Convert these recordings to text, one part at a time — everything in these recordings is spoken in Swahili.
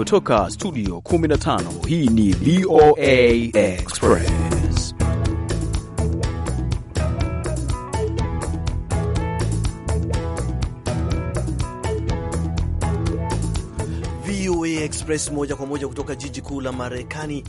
kutoka studio 15 hii ni VOA Express. VOA Express moja kwa moja kutoka jiji kuu la Marekani.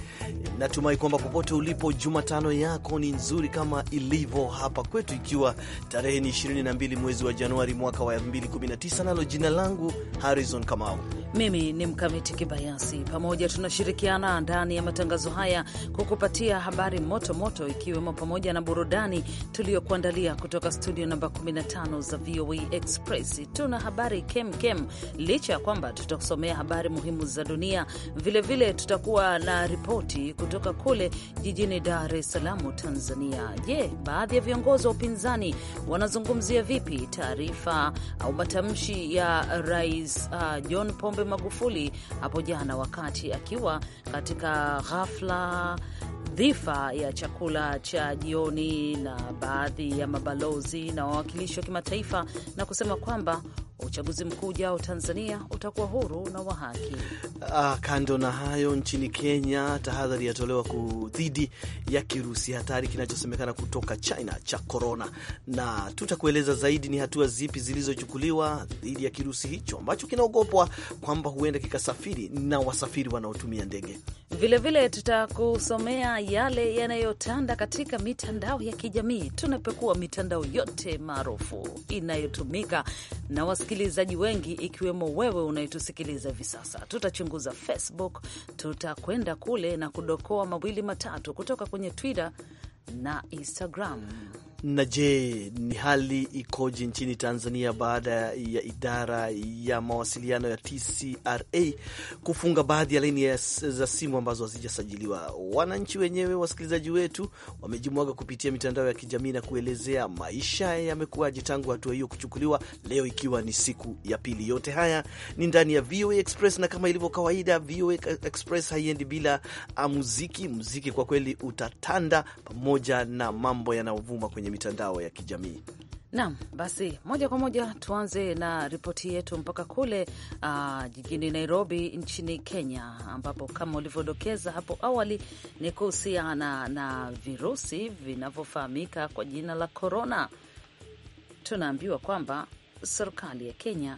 Natumai kwamba popote ulipo, Jumatano yako ni nzuri kama ilivyo hapa kwetu, ikiwa tarehe ni 22 mwezi wa Januari mwaka wa 2019, nalo jina langu Harrison Kamau mimi ni Mkamiti Kibayasi. Pamoja tunashirikiana ndani ya matangazo haya kukupatia habari moto moto, ikiwemo pamoja na burudani tuliyokuandalia kutoka studio namba 15 za VOA e Express. Tuna habari kem kem, licha ya kwamba tutakusomea habari muhimu za dunia. Vilevile vile tutakuwa na ripoti kutoka kule jijini Dar es Salaam, Tanzania. Je, baadhi ya viongozi wa upinzani wanazungumzia vipi taarifa au matamshi ya Rais uh, John Pombe Pombe Magufuli hapo jana wakati akiwa katika ghafla dhifa ya chakula cha jioni na baadhi ya mabalozi na wawakilishi wa kimataifa na kusema kwamba Uchaguzi mkuu ujao Tanzania utakuwa huru na wa haki. Ah, kando na hayo, nchini Kenya tahadhari yatolewa dhidi ya kirusi hatari kinachosemekana kutoka China cha korona, na tutakueleza zaidi ni hatua zipi zilizochukuliwa dhidi ya kirusi hicho ambacho kinaogopwa kwamba huenda kikasafiri na wasafiri wanaotumia ndege. Vilevile tutakusomea yale yanayotanda katika mitandao ya kijamii. Tunapekua mitandao yote maarufu inayotumika na wasi wasikilizaji wengi, ikiwemo wewe unayetusikiliza hivi sasa. Tutachunguza Facebook, tutakwenda kule na kudokoa mawili matatu kutoka kwenye Twitter na Instagram. Na je, ni hali ikoje nchini Tanzania baada ya idara ya mawasiliano ya TCRA kufunga baadhi ya laini za simu ambazo hazijasajiliwa? Wananchi wenyewe, wasikilizaji wetu, wamejimwaga kupitia mitandao ya kijamii na kuelezea maisha yamekuwaje tangu hatua hiyo kuchukuliwa, leo ikiwa ni siku ya pili. Yote haya ni ndani ya VOA Express, na kama ilivyo kawaida, VOA Express haiendi bila muziki. Muziki kwa kweli utatanda pamoja na mambo yanayovuma kwenye mitandao ya kijamii. Naam, basi moja kwa moja tuanze na ripoti yetu mpaka kule uh, jijini Nairobi nchini Kenya, ambapo kama ulivyodokeza hapo awali ni kuhusiana na virusi vinavyofahamika kwa jina la korona. Tunaambiwa kwamba serikali ya Kenya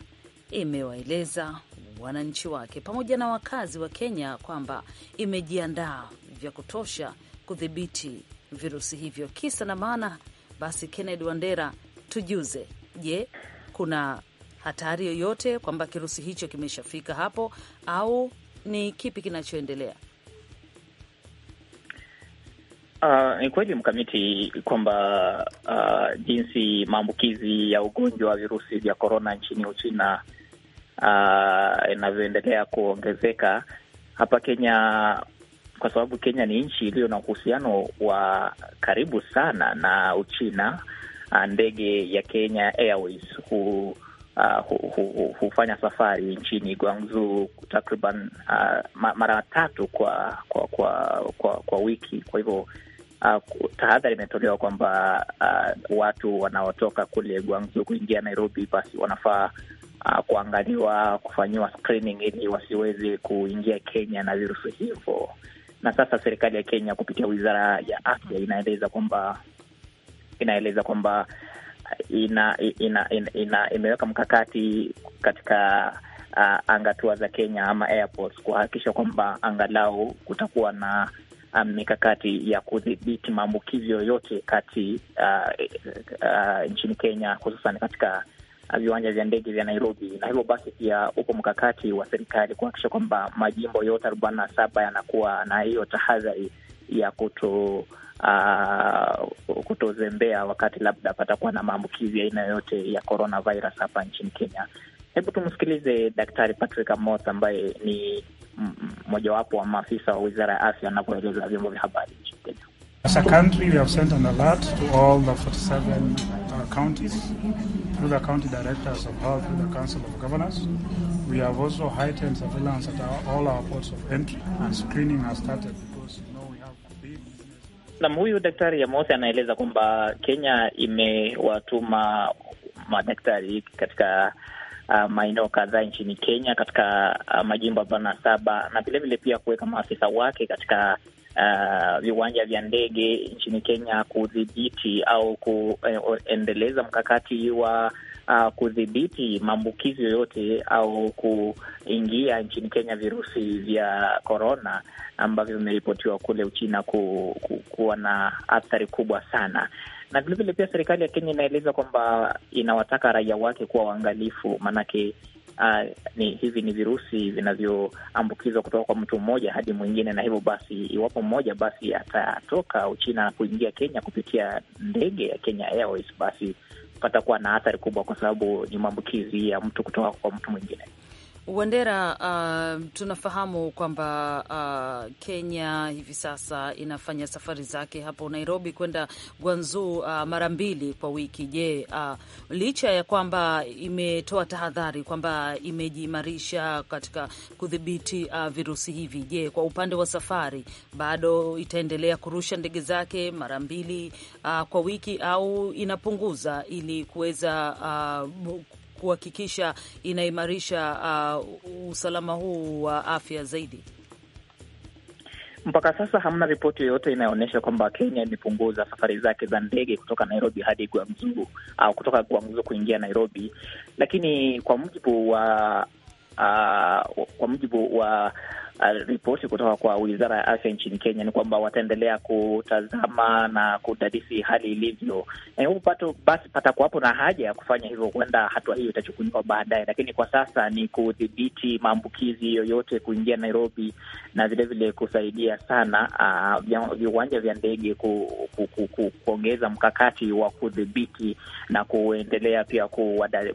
imewaeleza wananchi wake pamoja na wakazi wa Kenya kwamba imejiandaa vya kutosha kudhibiti virusi hivyo. Kisa na maana basi Kennedy Wandera, tujuze, je, kuna hatari yoyote kwamba kirusi hicho kimeshafika hapo au ni kipi kinachoendelea? Uh, ni kweli mkamiti kwamba uh, jinsi maambukizi ya ugonjwa wa virusi vya korona nchini Uchina ah, inavyoendelea uh, kuongezeka hapa Kenya kwa sababu Kenya ni nchi iliyo na uhusiano wa karibu sana na Uchina. Ah, ndege ya Kenya Airways hu, uh, hu, hu, hu, hufanya safari nchini Guangzhou takriban uh, mara tatu kwa kwa, kwa kwa kwa wiki. Kwa hivyo uh, tahadhari imetolewa kwamba uh, watu wanaotoka kule Guangzhou kuingia Nairobi basi wanafaa Uh, kuangaliwa kufanyiwa screening ili wasiweze kuingia Kenya na virusi hivyo na sasa serikali ya Kenya kupitia wizara ya afya inaeleza kwamba inaeleza kwamba ina, ina, ina, ina imeweka mkakati katika uh, angatua za Kenya ama airports kuhakikisha kwamba angalau kutakuwa na um, mikakati um, ya kudhibiti maambukizi yoyote kati uh, uh, nchini Kenya hususan katika viwanja vya ndege vya Nairobi, na hivyo basi pia uko mkakati wa serikali kuhakikisha kwamba majimbo yote arobaini na saba yanakuwa na hiyo tahadhari ya kuto uh, kutozembea wakati labda patakuwa na maambukizi aina yoyote ya coronavirus hapa nchini Kenya. Hebu tumsikilize Daktari Patrick Amoth ambaye ni mmojawapo wa maafisa wa wizara ya afya anavyoeleza vyombo vya habari nchini Kenya. As a country, we have sent an alert to all the 47 uh, counties through the county directors of health, through the council of governors. We have also heightened surveillance at our, all our ports of entry and screening has started because you know we have big nam huyu Daktari Amosi anaeleza kwamba Kenya imewatuma madaktari katika Uh, maeneo kadhaa nchini Kenya katika uh, majimbo arobaini na saba na vilevile pia kuweka maafisa wake katika Uh, viwanja uh, vya ndege nchini Kenya kudhibiti au kuendeleza eh, mkakati wa uh, kudhibiti maambukizi yoyote au kuingia nchini Kenya virusi vya korona ambavyo vimeripotiwa kule Uchina ku, ku, kuwa na athari kubwa sana na vilevile pia serikali ya Kenya inaeleza kwamba inawataka raia wake kuwa waangalifu, maanake uh, ni hivi ni virusi vinavyoambukizwa kutoka kwa mtu mmoja hadi mwingine, na hivyo basi, iwapo mmoja basi atatoka Uchina na kuingia Kenya kupitia ndege ya Kenya Airways, basi patakuwa na athari kubwa, kwa sababu ni maambukizi ya mtu kutoka kwa mtu mwingine. Wandera, uh, tunafahamu kwamba uh, Kenya hivi sasa inafanya safari zake hapo Nairobi kwenda Gwanzu uh, mara mbili kwa wiki. Je, uh, licha ya kwamba imetoa tahadhari kwamba imejiimarisha katika kudhibiti uh, virusi hivi, je, kwa upande wa safari bado itaendelea kurusha ndege zake mara mbili uh, kwa wiki au inapunguza ili kuweza uh, kuhakikisha inaimarisha uh, usalama huu wa uh, afya zaidi? Mpaka sasa hamna ripoti yoyote inayoonyesha kwamba Kenya imepunguza safari zake za ndege kutoka Nairobi hadi Guangzhou au kutoka Guangzhou kuingia Nairobi, lakini kwa mujibu wa uh, kwa mujibu wa Uh, ripoti kutoka kwa wizara ya afya nchini Kenya ni kwamba wataendelea kutazama na kudadisi hali ilivyo, eh, huku basi patakuwapo na haja ya kufanya hivyo, huenda hatua hiyo itachukuliwa baadaye, lakini kwa sasa ni kudhibiti maambukizi yoyote kuingia Nairobi na vilevile kusaidia sana uh, viwanja vya ndege ku, ku, ku, ku, kuongeza mkakati wa kudhibiti na kuendelea pia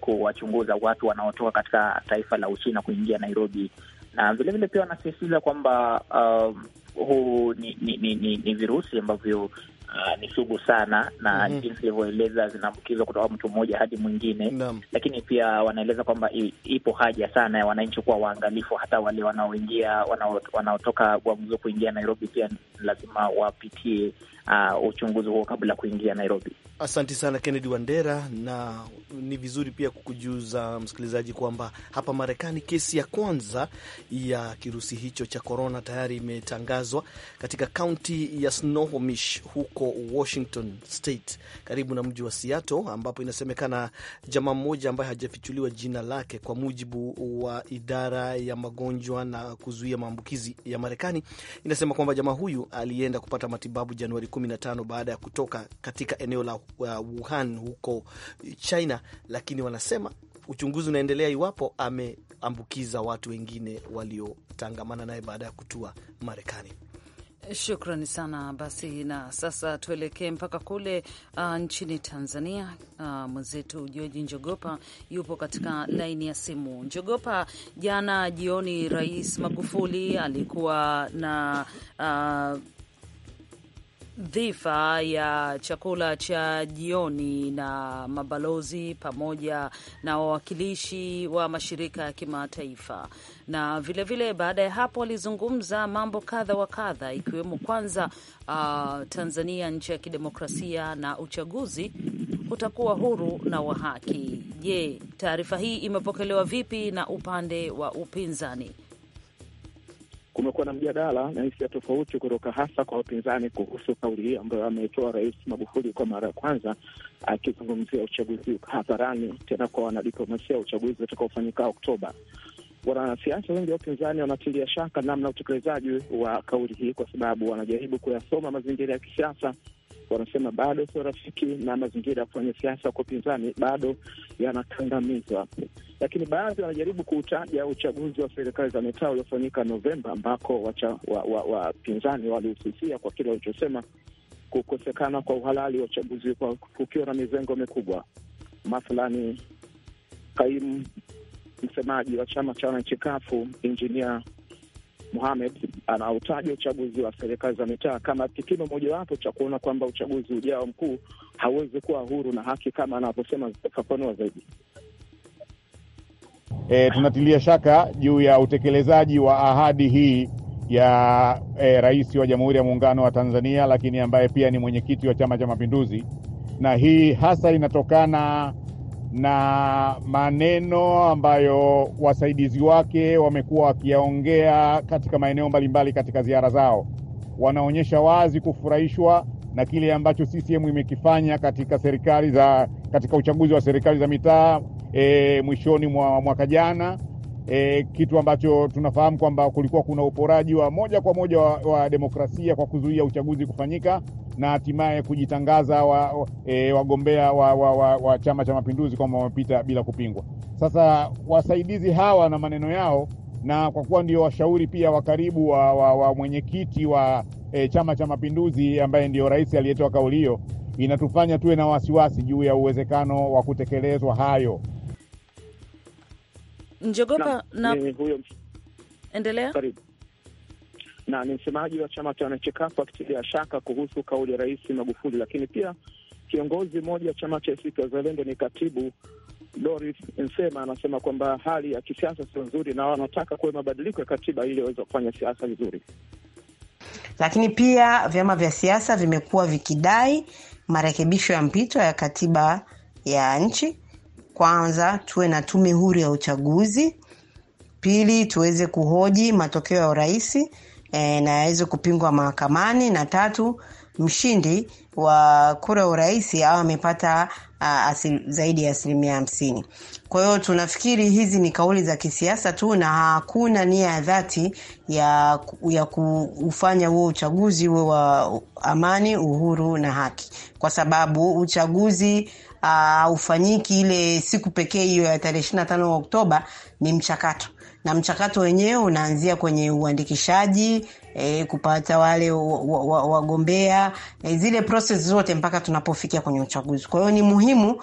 kuwachunguza watu wanaotoka katika taifa la Uchina kuingia Nairobi na vilevile pia wanasisitiza kwamba uh, huu ni, ni, ni, ni, ni virusi ambavyo uh, ni sugu sana na mm -hmm. jinsi ilivyoeleza zinaambukizwa kutoka mtu mmoja hadi mwingine mm -hmm. Lakini pia wanaeleza kwamba ipo haja sana ya wananchi kuwa waangalifu, hata wale wanaoingia wanaotoka Guangzhou kuingia Nairobi pia lazima wapitie uh, uchunguzi huo kabla kuingia Nairobi. Asante sana Kennedy Wandera, na ni vizuri pia kukujuza msikilizaji kwamba hapa Marekani kesi ya kwanza ya kirusi hicho cha korona tayari imetangazwa katika kaunti ya Snohomish huko huko Washington State, karibu na mji wa Seattle, ambapo inasemekana jamaa mmoja ambaye hajafichuliwa jina lake, kwa mujibu wa idara ya magonjwa na kuzuia maambukizi ya Marekani, inasema kwamba jamaa huyu alienda kupata matibabu Januari 15 baada ya kutoka katika eneo la uh, Wuhan huko China, lakini wanasema uchunguzi unaendelea iwapo ameambukiza watu wengine waliotangamana naye baada ya kutua Marekani. Shukrani sana basi, na sasa tuelekee mpaka kule uh, nchini Tanzania. Uh, mwenzetu Joji Njogopa yupo katika laini ya simu. Njogopa, jana jioni Rais Magufuli alikuwa na uh, dhifa ya chakula cha jioni na mabalozi pamoja na wawakilishi wa mashirika ya kimataifa na vilevile vile, baada ya hapo walizungumza mambo kadha wa kadha, ikiwemo kwanza, uh, Tanzania nchi ya kidemokrasia na uchaguzi utakuwa huru na wa haki. Je, taarifa hii imepokelewa vipi na upande wa upinzani? kumekuwa na mjadala na hisia tofauti kutoka hasa kwa wapinzani kuhusu kauli hii ambayo ameitoa Rais Magufuli kwa mara ya kwanza akizungumzia uchaguzi hadharani tena kwa wanadiplomasia wa uchaguzi utakaofanyika Oktoba. Wanasiasa wengi wa upinzani wanatilia shaka namna utekelezaji wa kauli hii, kwa sababu wanajaribu kuyasoma mazingira ya kisiasa wanasema bado sio rafiki na mazingira ya kufanya siasa kwa upinzani bado yanakandamizwa. Lakini baadhi wanajaribu kuutaja uchaguzi wa serikali za mitaa uliofanyika Novemba, ambako wapinzani wa, wa, walihususia kwa kile walichosema kukosekana kwa uhalali wa uchaguzi kukiwa na mizengo mikubwa. Mathalani, kaimu msemaji wa chama cha wananchi Kafu, Injinia Mohamed anautaja uchaguzi wa serikali za mitaa kama kipimo mojawapo cha kuona kwamba uchaguzi ujao mkuu hauwezi kuwa huru na haki kama anavyosema. Fafanua zaidi. E, tunatilia shaka juu ya utekelezaji wa ahadi hii ya e, rais wa Jamhuri ya Muungano wa Tanzania, lakini ambaye pia ni mwenyekiti wa Chama cha Mapinduzi, na hii hasa inatokana na maneno ambayo wasaidizi wake wamekuwa wakiyaongea katika maeneo mbalimbali katika ziara zao. Wanaonyesha wazi kufurahishwa na kile ambacho CCM imekifanya katika serikali za katika uchaguzi wa serikali za mitaa e, mwishoni mwa mwaka jana e, kitu ambacho tunafahamu kwamba kulikuwa kuna uporaji wa moja kwa moja wa, wa demokrasia kwa kuzuia uchaguzi kufanyika na hatimaye kujitangaza wagombea wa, e, wa, wa, wa, wa Chama cha Mapinduzi kwamba wamepita bila kupingwa. Sasa wasaidizi hawa na maneno yao, na kwa kuwa ndio washauri pia wa karibu wa, wa, wa mwenyekiti wa e, Chama cha Mapinduzi ambaye ndio rais aliyetoa kauli hiyo, inatufanya tuwe na wasiwasi juu ya uwezekano wa kutekelezwa hayo. Njogopa na, na... Huyo... endelea karibu na ni msemaji wa chama cha wanachekafu akitilia shaka kuhusu kauli ya Rais Magufuli, lakini pia kiongozi mmoja wa chama cha ACT Wazalendo ni katibu Doris Nsema anasema kwamba hali ya kisiasa sio nzuri na wanataka kuwe mabadiliko ya katiba ili waweze kufanya siasa vizuri. Lakini pia vyama vya siasa vimekuwa vikidai marekebisho ya mpito ya katiba ya nchi kwanza tuwe na tume huru ya uchaguzi, pili tuweze kuhoji matokeo ya urais e, na yaweze kupingwa mahakamani, na tatu mshindi wa kura ya urais au amepata ah, zaidi ya asilimia hamsini. Kwa hiyo tunafikiri hizi ni kauli za kisiasa tu na hakuna nia ya dhati ya, ya kufanya huo uchaguzi uwe wa amani, uhuru na haki, kwa sababu uchaguzi haufanyiki ah, uh, ile siku pekee hiyo ya tarehe ishirini na tano Oktoba. Ni mchakato na mchakato wenyewe unaanzia kwenye uandikishaji e, kupata wale wagombea e, zile proses zote mpaka tunapofikia kwenye uchaguzi. Kwa hiyo ni muhimu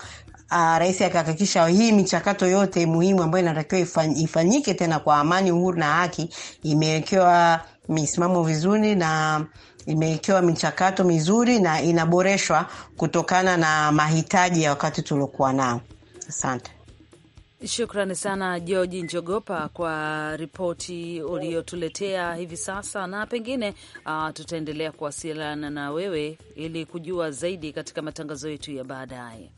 Uh, rais akahakikisha hii michakato yote muhimu ambayo inatakiwa ifanyike tena kwa amani, uhuru na haki imewekewa misimamo vizuri na imewekewa michakato mizuri na inaboreshwa kutokana na mahitaji ya wakati tuliokuwa nao. Asante. Shukrani sana Georgi Njogopa kwa ripoti uliyotuletea hivi sasa, na pengine uh, tutaendelea kuwasiliana na wewe ili kujua zaidi katika matangazo yetu ya baadaye.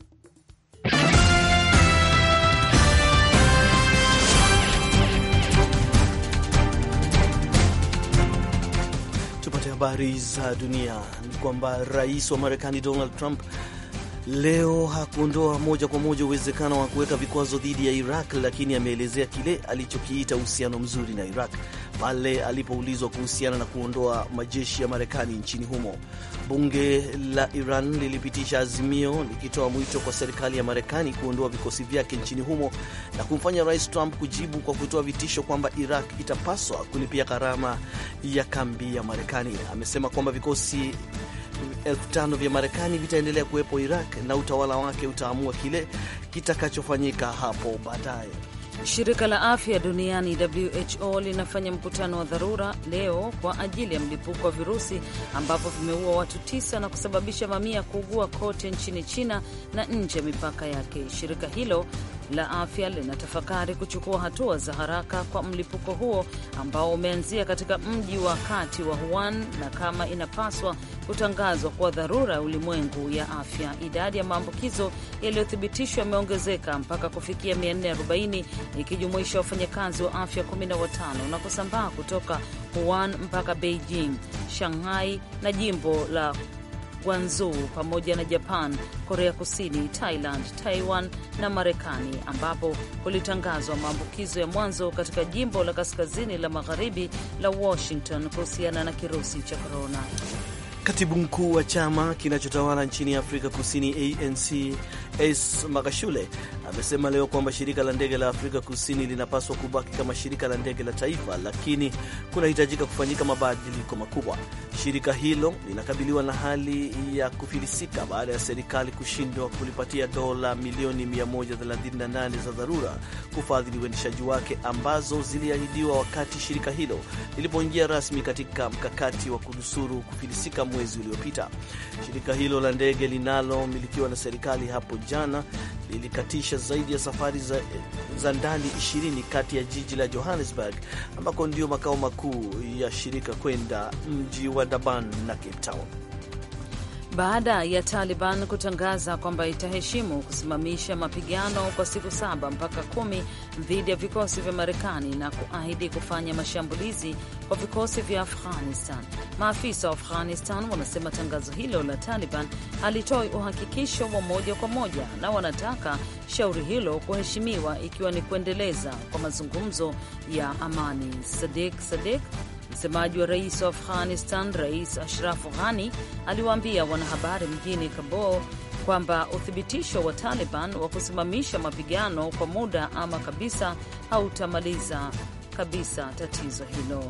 tupate habari za dunia, ni kwamba rais wa Marekani Donald Trump leo hakuondoa moja kwa moja uwezekano wa kuweka vikwazo dhidi ya Iraq, lakini ameelezea kile alichokiita uhusiano mzuri na Iraq pale alipoulizwa kuhusiana na kuondoa majeshi ya Marekani nchini humo. Bunge la Iran lilipitisha azimio likitoa mwito kwa serikali ya Marekani kuondoa vikosi vyake nchini humo na kumfanya Rais Trump kujibu kwa kutoa vitisho kwamba Iraq itapaswa kulipia gharama ya kambi ya Marekani. Amesema kwamba vikosi elfu tano vya Marekani vitaendelea kuwepo Iraq na utawala wake utaamua kile kitakachofanyika hapo baadaye. Shirika la afya duniani WHO linafanya mkutano wa dharura leo kwa ajili ya mlipuko wa virusi ambapo vimeua watu tisa na kusababisha mamia kuugua kote nchini China na nje ya mipaka yake. Shirika hilo la afya linatafakari kuchukua hatua za haraka kwa mlipuko huo ambao umeanzia katika mji wa kati wa Wuhan na kama inapaswa kutangazwa kuwa dharura ya ulimwengu ya afya. Idadi ya maambukizo yaliyothibitishwa yameongezeka mpaka kufikia 440 ikijumuisha wafanyakazi wa afya 15 na kusambaa kutoka Wuhan mpaka Beijing, Shanghai na jimbo la Guangzhou pamoja na Japan, Korea Kusini, Thailand, Taiwan na Marekani, ambapo kulitangazwa maambukizo ya mwanzo katika jimbo la kaskazini la magharibi la Washington kuhusiana na kirusi cha korona. Katibu mkuu wa chama kinachotawala nchini Afrika Kusini ANC S Magashule amesema leo kwamba shirika la ndege la Afrika Kusini linapaswa kubaki kama shirika la ndege la taifa, lakini kunahitajika kufanyika mabadiliko makubwa. Shirika hilo linakabiliwa na hali ya kufilisika baada ya serikali kushindwa kulipatia dola milioni 138 za dharura kufadhili uendeshaji wake ambazo ziliahidiwa wakati shirika hilo lilipoingia rasmi katika mkakati wa kunusuru kufilisika mwezi uliopita. Shirika hilo la ndege linalomilikiwa na serikali hapo jana lilikatisha zaidi ya safari za, za ndani 20 kati ya jiji la Johannesburg ambako ndio makao makuu ya shirika kwenda mji wa Durban na Cape Town baada ya Taliban kutangaza kwamba itaheshimu kusimamisha mapigano kwa siku saba mpaka kumi dhidi ya vikosi vya Marekani na kuahidi kufanya mashambulizi kwa vikosi vya Afghanistan. Maafisa wa Afghanistan wanasema tangazo hilo la Taliban halitoi uhakikisho wa moja kwa moja na wanataka shauri hilo kuheshimiwa ikiwa ni kuendeleza kwa mazungumzo ya amani. Sadik Sadik Msemaji wa rais wa Afghanistan, Rais Ashraf Ghani, aliwaambia wanahabari mjini Kabul kwamba uthibitisho wa Taliban wa kusimamisha mapigano kwa muda ama kabisa hautamaliza kabisa tatizo hilo.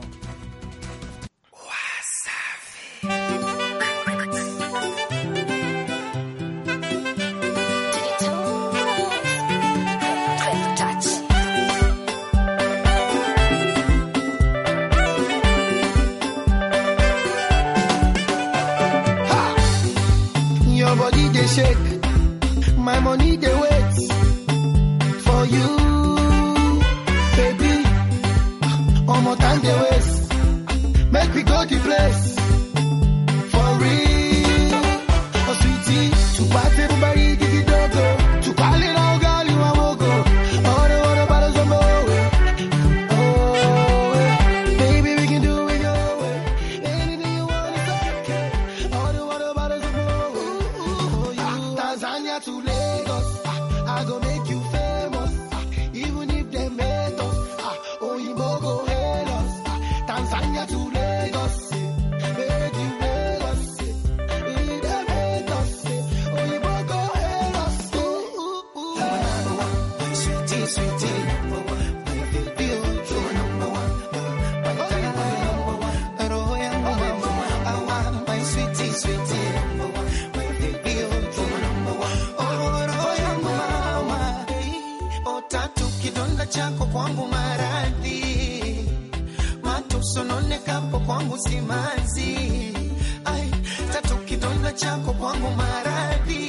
kapo kwangu simanzi, ai tatu kidonda chako kwangu maradhi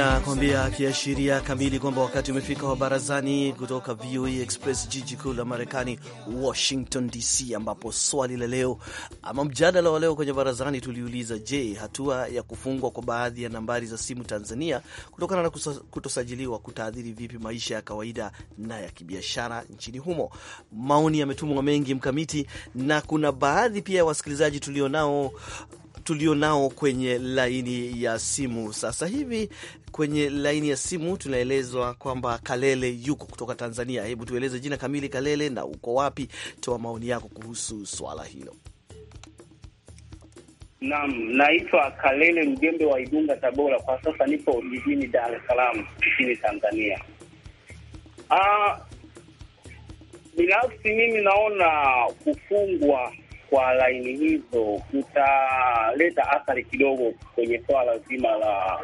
kuambia kiashiria kamili kwamba wakati umefika wa barazani kutoka VOA Express, jiji kuu la Marekani, Washington DC, ambapo swali la leo ama mjadala wa leo kwenye barazani tuliuliza, je, hatua ya kufungwa kwa baadhi ya nambari za simu Tanzania kutokana na kutosajiliwa kutaathiri vipi maisha ya kawaida na ya kibiashara nchini humo? Maoni yametumwa mengi mkamiti, na kuna baadhi pia ya wasikilizaji tulionao tulionao kwenye laini ya simu sasa hivi. Kwenye laini ya simu tunaelezwa kwamba Kalele yuko kutoka Tanzania. Hebu tueleze jina kamili Kalele, na uko wapi? Toa maoni yako kuhusu swala hilo. Naam, naitwa Kalele Mjembe wa Igunga, Tabora. Kwa sasa nipo jijini Dar es Salaam nchini Tanzania. Ah, binafsi mimi naona kufungwa kwa laini hizo kutaleta athari kidogo kwenye swala zima la,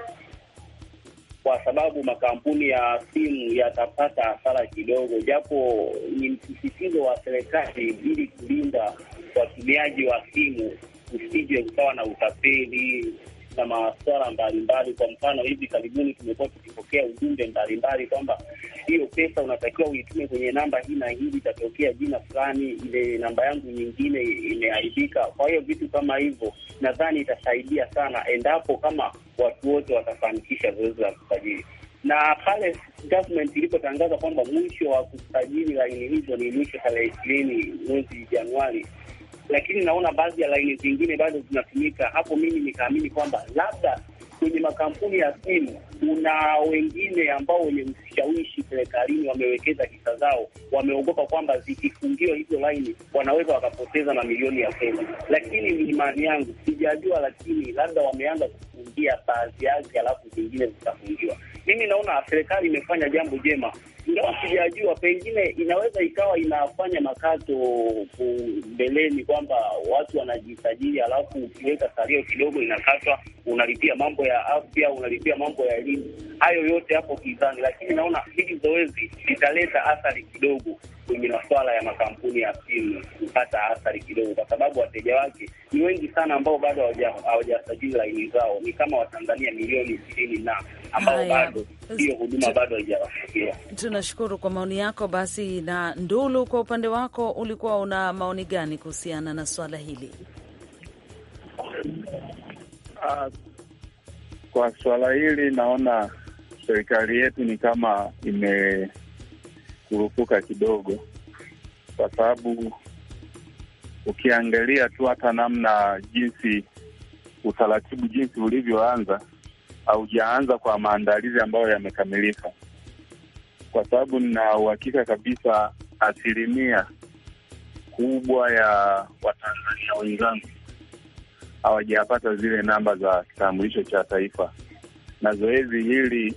kwa sababu makampuni ya simu yatapata hasara kidogo, japo ni msisitizo wa serikali ili kulinda watumiaji wa simu usije ukawa na utapeli na masuala mbalimbali. Kwa mfano, hivi karibuni tumekuwa tukipokea ujumbe mbalimbali kwamba hiyo pesa unatakiwa uitume kwenye namba hii na hii, itatokea jina fulani, ile namba yangu nyingine imeharibika. Kwa hiyo vitu kama hivyo, nadhani itasaidia sana endapo kama watu wote watafanikisha zoezi la kusajili na pale government ilipotangaza kwamba mwisho wa kusajili laini hizo ni mwisho tarehe ishirini mwezi Januari, lakini naona baadhi ya laini zingine bado zinatumika. Hapo mimi nikaamini kwamba labda kwenye makampuni ya simu kuna wengine ambao wenye ushawishi serikalini wamewekeza hisa zao, wameogopa kwamba zikifungiwa hizo laini wanaweza wakapoteza mamilioni ya fedha. Lakini ni imani yangu, sijajua, lakini labda wameanza kufungia baadhi yake, alafu zingine zitafungiwa. Mimi naona serikali imefanya jambo jema ingawa sijajua, pengine inaweza ikawa inafanya makato mbeleni, kwamba watu wanajisajili, alafu ukiweka salio kidogo inakatwa, unalipia mambo ya afya, unalipia mambo ya elimu, hayo yote hapo kizani. Lakini naona hili zoezi litaleta athari kidogo kwenye masuala ya makampuni ya simu kupata athari kidogo, kwa sababu wateja wake ni wengi sana ambao bado hawajasajili laini zao, ni kama Watanzania milioni ishirini na ambao bado hiyo huduma bado haijawafikia tunashukuru kwa maoni yako. Basi na Ndulu, kwa upande wako ulikuwa una maoni gani kuhusiana na swala hili? Uh, kwa swala hili naona serikali yetu ni kama imekurupuka kidogo, kwa sababu ukiangalia tu hata namna jinsi utaratibu jinsi ulivyoanza, haujaanza kwa maandalizi ambayo yamekamilika kwa sababu nina uhakika kabisa asilimia kubwa ya Watanzania wenzangu hawajapata zile namba za kitambulisho cha taifa, na zoezi hili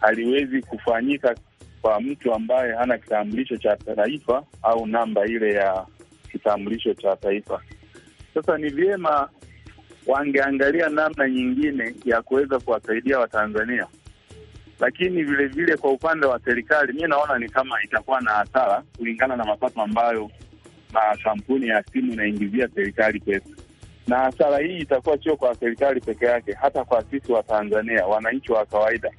haliwezi kufanyika kwa mtu ambaye hana kitambulisho cha taifa au namba ile ya kitambulisho cha taifa. Sasa ni vyema wangeangalia namna nyingine ya kuweza kuwasaidia Watanzania lakini vile vile kwa upande wa serikali, mi naona ni kama itakuwa na hasara kulingana na mapato ambayo makampuni ya simu inaingizia serikali pesa, na hasara hii itakuwa sio kwa serikali peke yake, hata kwa sisi wa Tanzania, wananchi wa kawaida.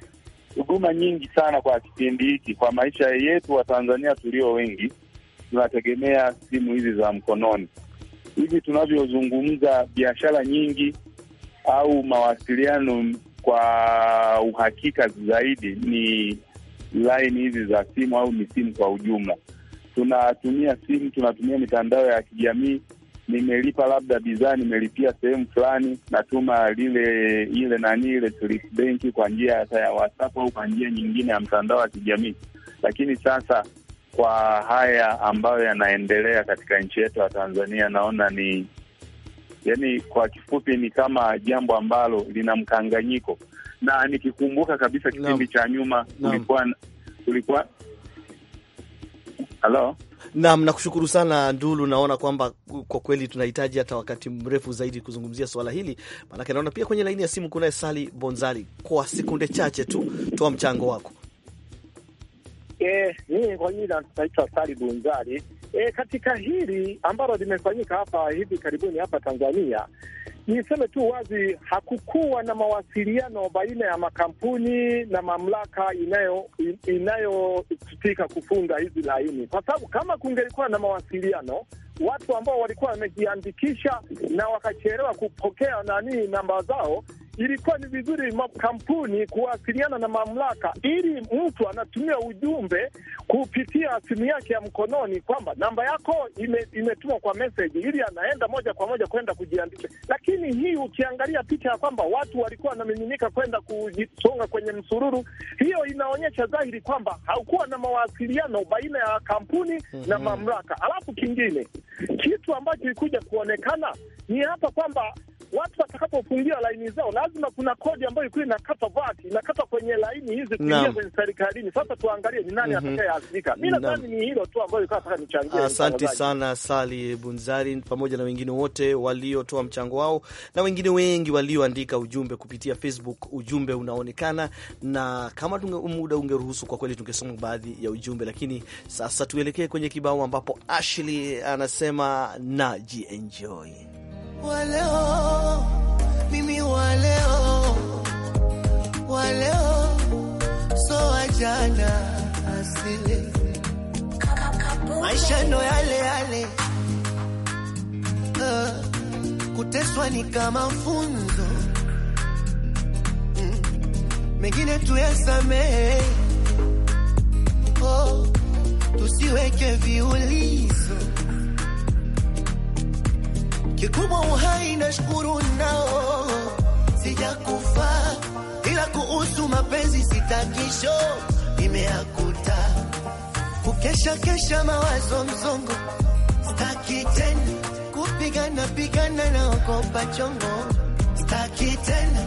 Huduma nyingi sana kwa kipindi hiki, kwa maisha yetu wa Tanzania tulio wengi, tunategemea simu hizi za mkononi. Hivi tunavyozungumza, biashara nyingi au mawasiliano kwa uhakika zaidi ni laini hizi za simu au ni simu kwa ujumla. Tunatumia simu, tunatumia mitandao ya kijamii. Nimelipa labda bidhaa, nimelipia sehemu fulani, natuma lile ile nani ile slip benki kwa njia ya WhatsApp au kwa njia nyingine ya mtandao wa kijamii. Lakini sasa kwa haya ambayo yanaendelea katika nchi yetu ya Tanzania, naona ni Yaani kwa kifupi ni kama jambo ambalo lina mkanganyiko, na nikikumbuka kabisa kipindi no. cha nyuma kulikuwa kulikuwa halo Naam, nakushukuru sana Ndulu. Naona kwamba kwa kweli tunahitaji hata wakati mrefu zaidi kuzungumzia swala hili, maanake naona pia kwenye laini ya simu kunaye Sali Bonzali. Kwa sekunde chache tu, toa mchango wako. Eh, mimi kwa jina naitwa Sali Bonzali, E, katika hili ambalo limefanyika hapa hivi karibuni hapa Tanzania, niseme tu wazi, hakukuwa na mawasiliano baina ya makampuni na mamlaka inayotika inayo kufunga hizi laini, kwa sababu kama kungelikuwa na mawasiliano watu ambao walikuwa wamejiandikisha na wakachelewa kupokea nani namba zao ilikuwa ni vizuri makampuni kuwasiliana na mamlaka, ili mtu anatumia ujumbe kupitia simu yake ya mkononi kwamba namba yako ime, imetumwa kwa meseji, ili anaenda moja kwa moja kwenda kujiandikisha. Lakini hii ukiangalia picha ya kwamba watu walikuwa wanamiminika kwenda kujisonga kwenye msururu, hiyo inaonyesha dhahiri kwamba haukuwa na mawasiliano baina ya kampuni mm -hmm. na mhm. mamlaka. Alafu kingine kitu ambacho ilikuja kuonekana ni hapa kwamba watu watakapofungia laini zao, lazima kuna kodi ambayo ilikuwa inakatwa vati inakatwa kwenye laini hizi kuingia kwenye serikalini. Sasa tuangalie ni nani mm -hmm. atakayeathirika. Mi nadhani ni hilo tu ambayo ilikuwa nataka nichangie. Asante sana Sali Bunzari pamoja na wengine wote waliotoa mchango wao na wengine wengi walioandika ujumbe kupitia Facebook. Ujumbe unaonekana na kama tunge muda ungeruhusu kwa kweli tungesoma baadhi ya ujumbe, lakini sasa tuelekee kwenye kibao ambapo Ashley anasema na jienjoy waleo, mimi waleo, so wajana asili, maisha ndo yale yale, uh, kuteswa ni kama funzo mm, mengine tuyasamehe, oh, tusiweke viulizi Kikubwa uhai na shukuru nao, sijakufa ila kuhusu mapenzi sitakisho nimeakuta, kukesha kesha mawazo mzongo, staki tena kupigana pigana na okopa chongo, staki tena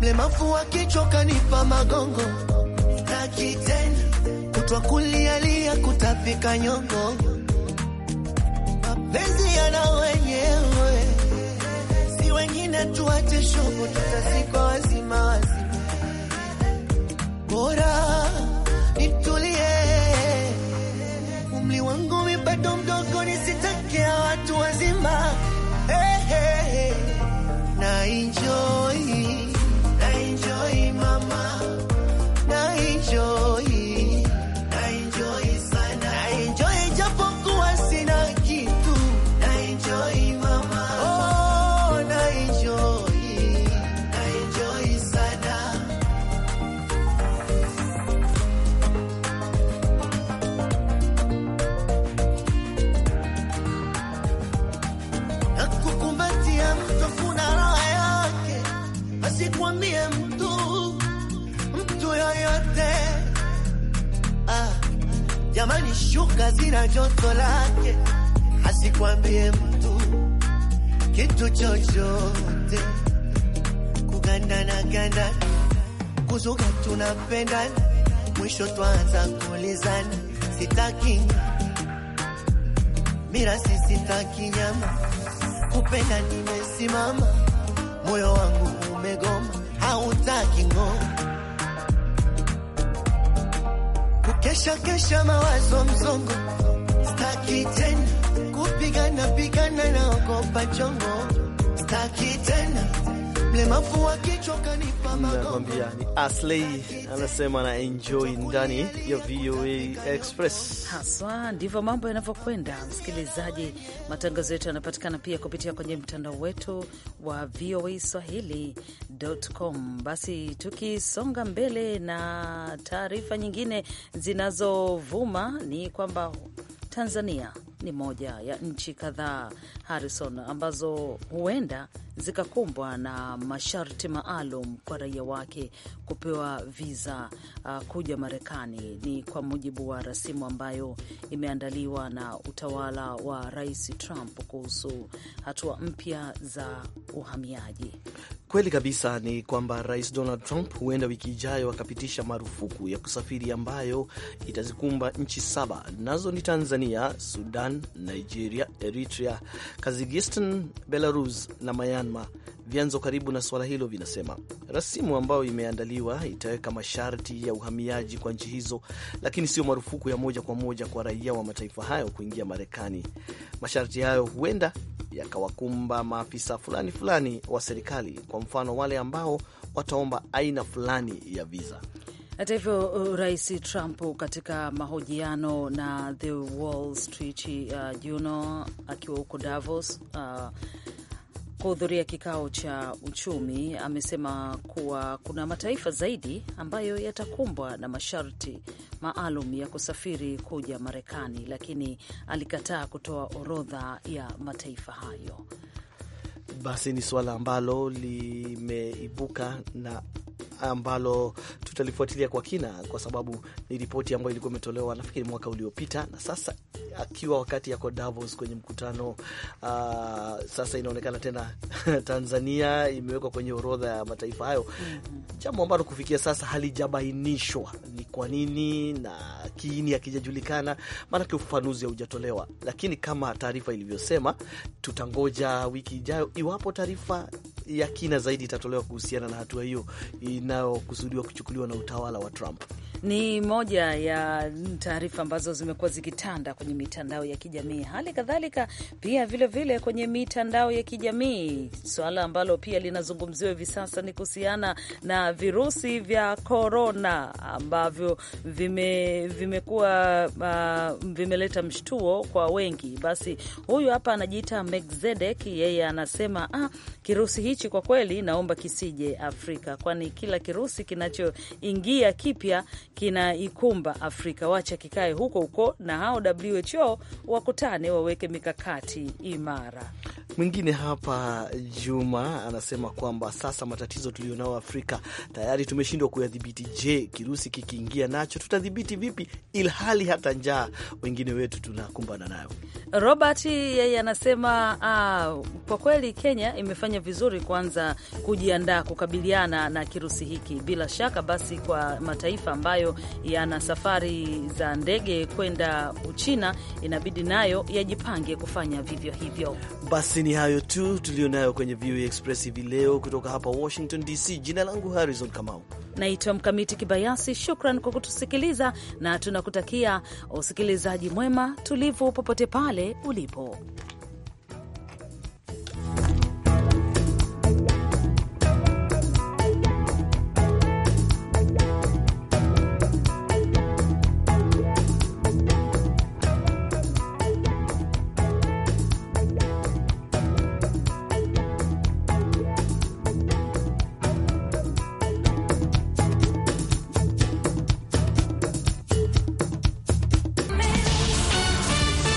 mlemafu wa kichwa kanipa magongo, staki tena kutwa kulialia kutapika nyongo, mapenzi yanawe wengine tuache shughuli za siku sina joto lake, asikwambie mtu kitu chochote, kuganda na ganda kuzuka, tunapendana mwisho twanza kulizana, sitaki mira sitaki nyama, kupenda nimesimama, moyo wangu umegoma, hautaki ngoma kesha kesha, mawazo msongo, staki tena kupigana pigana na ogopa chongo, staki tena nakwambia ni Asley anasema na enjoy ndani ya VOA Express. Haswa ndivyo mambo yanavyokwenda, msikilizaji. Matangazo yetu yanapatikana pia kupitia kwenye mtandao wetu wa VOA Swahili.com. Basi tukisonga mbele na taarifa nyingine zinazovuma ni kwamba Tanzania ni moja ya nchi kadhaa Harrison, ambazo huenda zikakumbwa na masharti maalum kwa raia wake kupewa viza uh, kuja Marekani. Ni kwa mujibu wa rasimu ambayo imeandaliwa na utawala wa Rais Trump kuhusu hatua mpya za uhamiaji. Kweli kabisa ni kwamba Rais Donald Trump huenda wiki ijayo akapitisha marufuku ya kusafiri ambayo itazikumba nchi saba, nazo ni Tanzania, Sudan, Nigeria, Eritrea, Kazakhstan, Belarus na Myanmar. Vyanzo karibu na suala hilo vinasema rasimu ambayo imeandaliwa itaweka masharti ya uhamiaji kwa nchi hizo, lakini sio marufuku ya moja kwa moja kwa raia wa mataifa hayo kuingia Marekani. Masharti hayo huenda yakawakumba maafisa fulani fulani wa serikali, kwa mfano wale ambao wataomba aina fulani ya viza. Hata hivyo Rais Trump katika mahojiano na The Wall Street uh, Journal akiwa huko Davos uh, kuhudhuria kikao cha uchumi amesema kuwa kuna mataifa zaidi ambayo yatakumbwa na masharti maalum ya kusafiri kuja Marekani, lakini alikataa kutoa orodha ya mataifa hayo. Basi ni suala ambalo limeibuka na ambalo tutalifuatilia kwa kina, kwa sababu ni ripoti ambayo ilikuwa imetolewa nafikiri mwaka uliopita, na sasa akiwa wakati yako Davos kwenye mkutano uh, sasa inaonekana tena Tanzania imewekwa kwenye orodha ya mataifa hayo, mm-hmm. jambo ambalo kufikia sasa halijabainishwa ni kwa nini na kiini hakijajulikana, maanake ufafanuzi haujatolewa. Lakini kama taarifa ilivyosema, tutangoja wiki ijayo iwapo taarifa ya kina zaidi itatolewa kuhusiana na hatua hiyo inayokusudiwa kuchukuliwa na utawala wa Trump. Ni moja ya taarifa ambazo zimekuwa zikitanda kwenye mitandao ya kijamii, hali kadhalika pia vilevile vile kwenye mitandao ya kijamii. Suala ambalo pia linazungumziwa hivi sasa ni kuhusiana na virusi vya korona ambavyo vimekuwa uh, vimeleta mshtuo kwa wengi. Basi huyu hapa anajiita Megzedek, yeye anasema ah, kirusi hichi kwa kweli naomba kisije Afrika, kwani kila kila kirusi kinachoingia kipya kinaikumba Afrika. Wacha kikae huko huko, na hao WHO wakutane waweke mikakati imara. Mwingine hapa Juma anasema kwamba sasa matatizo nao Afrika tayari tumeshindwa kuyadhibiti. Je, kirusi kikiingia nacho tutadhibiti vipi, ilhali hata njaa wengine wetu tunakumbana nayo? Robert yeye anasema ah, kwa kweli Kenya imefanya vizuri kwanza kujiandaa kukabiliana na kirusi kikosi hiki. Bila shaka basi, kwa mataifa ambayo yana safari za ndege kwenda Uchina, inabidi nayo yajipange kufanya vivyo hivyo. Basi ni hayo tu tuliyonayo kwenye VOA Express hivi leo, kutoka hapa Washington DC. Jina langu Harrison Kamau, naitwa Mkamiti Kibayasi. Shukran kwa kutusikiliza, na tunakutakia usikilizaji mwema, tulivu, popote pale ulipo.